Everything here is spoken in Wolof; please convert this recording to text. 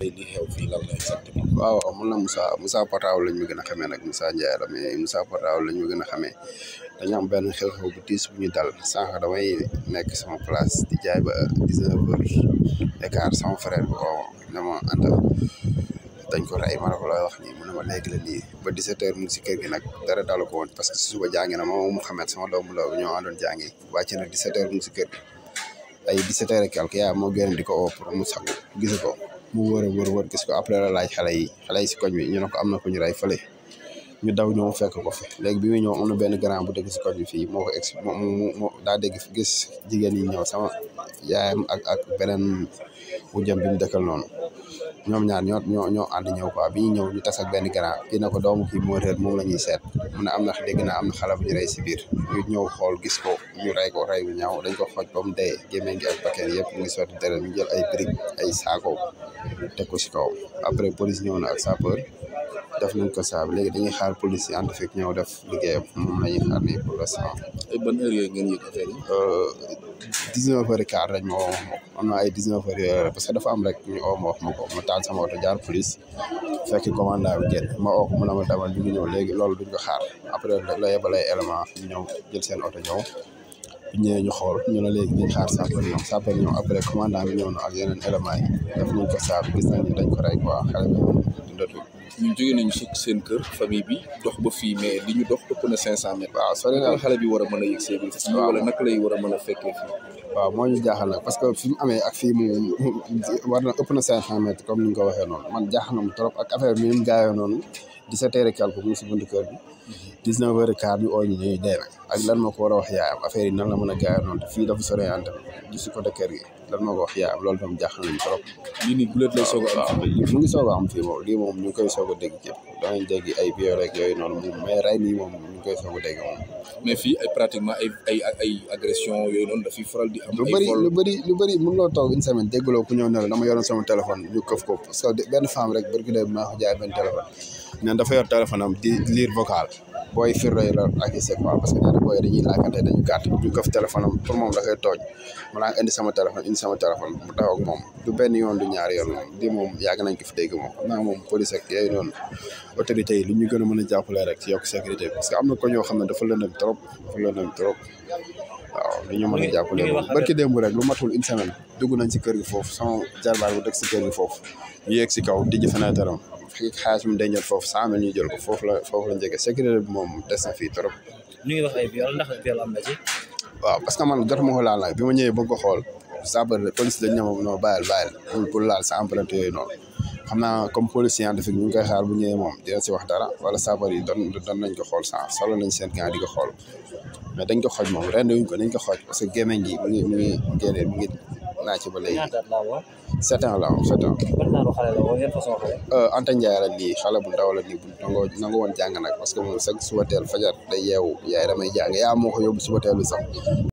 tey li xew fii lan la exactement waaw mun na musa Moussa Pataaw lañ ma gën a xamee nag Moussa Ndiaye la mais Moussa Pataaw lañ ma gën dañu am benn xew-xew bu tiis bu ñu dal sànq damay nekk sama place di jaay ba dix neuf heures écart sama frère bi oo ne ma anta dañ ko rey ma ne ko lay wax nii mu ne ma léegi la nii ba dix sept heures mu ngi si kër gi nag dara dalu ko woon parce que si suba jàngi na ma moom Mouhamed sama doomu ndaw ñoo àndoon jàngi wàcc na dix sept mu ngi kër ay dix sept heures et quelque yaa moo génn di pour mu sagu gis mu wër a wër wër gis ko après la laaj xale yi xale yi si koñ bi ñu ne ko am na ko ñu rey fële ñu daw ñëw fekk ko fi léegi bi muy ñëw am na benn grand bu dëkk si koñ bi fii moo ko ex moo daa dégg gis jigéen yi ñëw sama yaayam ak ak beneen wu jëm bi mu noonu ñoom ñaar ñoo ñoo ñoo ànd ko quoi bi ñu ñëw ñu tas benn grand kii na ko doomu kii moo réer moom la ñuy am na dégg naa am na xale bu ñu rey si biir ñu ñëw xool gis ko ñu rey ko rey bu ñaaw dañ ko xooj ba mu dee gémmiñ gi ak bakkan yëpp mu ngi sotti deret ñu jël ay brique ay saako teg ko si kaw après police ñëw na ak sapeur def nañ ko saab léegi dañuy xaar police scientifique ñëw def liggéeyam moom la ñuy xaar nii dix-neuf heures quart rek ñu oo wax ma ko am naa ay parce que dafa am rek ñu oo ma wax ma ko ma taal sama oto jaar police fekk commandant bi génn ma oo ko mu ne ma demal ñu ngi ñëw léegi loolu duñ ko xaar après rek la yebal ay élément ñu ñëw jël seen oto ñëw bu ñëwee ñu xool ñu ne léegi dañ xaar sapeur ñoom sapeur ñoom après commandant bi ñëw na ak yeneen élément yi def nañ ko saaf gis nañ dañ ko rey quoi xale bi dundatu ñun jóge nañu si seen kër famille bi dox ba fii mais li ñu dox ëpp na 500 mètres. waaw soo demee xale a a ko waxee noonu a wax yi nan la mën a jaayoo noonu te fii dafa soreyante di si côté kër gi. lan moo ko wax yaayam loolu tam jaaxal trop. lii nii bu lay a am. mu ngi soog a am fii moom lii moom ñu koy soog a dégg képp danañ dégg ay bio rek yooyu noonu mais rey nii moom ñu ngi koy soog a dégg moom mais fii ay pratiquement ay ay ay agression yooyu noonu lu bëri lu bëri lu bëri loo toog une semaine déggloo ku ñëw ne la dama yoroon sama téléphone ñu këf ko parce que benn femme rek barki day maa ko jaay benn téléphone. nee dafa yor téléphone am di lire vocal booy firnde la ak na booy dañuy laakante dañu gàtt ñu këf téléphone am pour moom dafay tooñ mu naa indi sama téléphone indi sama téléphone mu du benn yoon du ñaari yoon moom di moom yàgg nañ ko fi a mën parce que am na ko ñoo xam ne dafa lëndëm trop fulla nañ trop waaw li ñu mën a jàppale moom barki bu rek lu matul une semaine nañ ci kër gi foofu sama jarbaar bu dëkk si kër gi foofu ñu yegg si kaw dijj fenêtre am xaalis mu dencoon foof cent mille ñu jël ko foofu la foofu la njëkkee sécurité bi moom des na fii trop ñu ngi wax ay waaw parce que man jot ko laal nag bi ma ñëwee bëgg ko xool sabar police dañ ne ma non bàyyil bàyyil pour laal sa empreinte yooyu xam naa comme police scientifique ñu ngi koy xaar bu ñëwee moom dina si wax dara wala sabar yi doon doon nañ ko xool sans solo nañ seen gan di ko xool mais dañ ko xooj moom ren wuñ ko dañ ko xooj parce que gémmiñ gi mu ngi mu ngi génne naa ci ba léegi sept ans la woon sept ans euh, Anta Ndiaye la nii xale bu ndaw la nii bu nangoo nangoo woon jàng nag parce que moom sax suba teel fajar day yeewu yaay damay jàng yaa moo ko yóbbu suba teel bi sax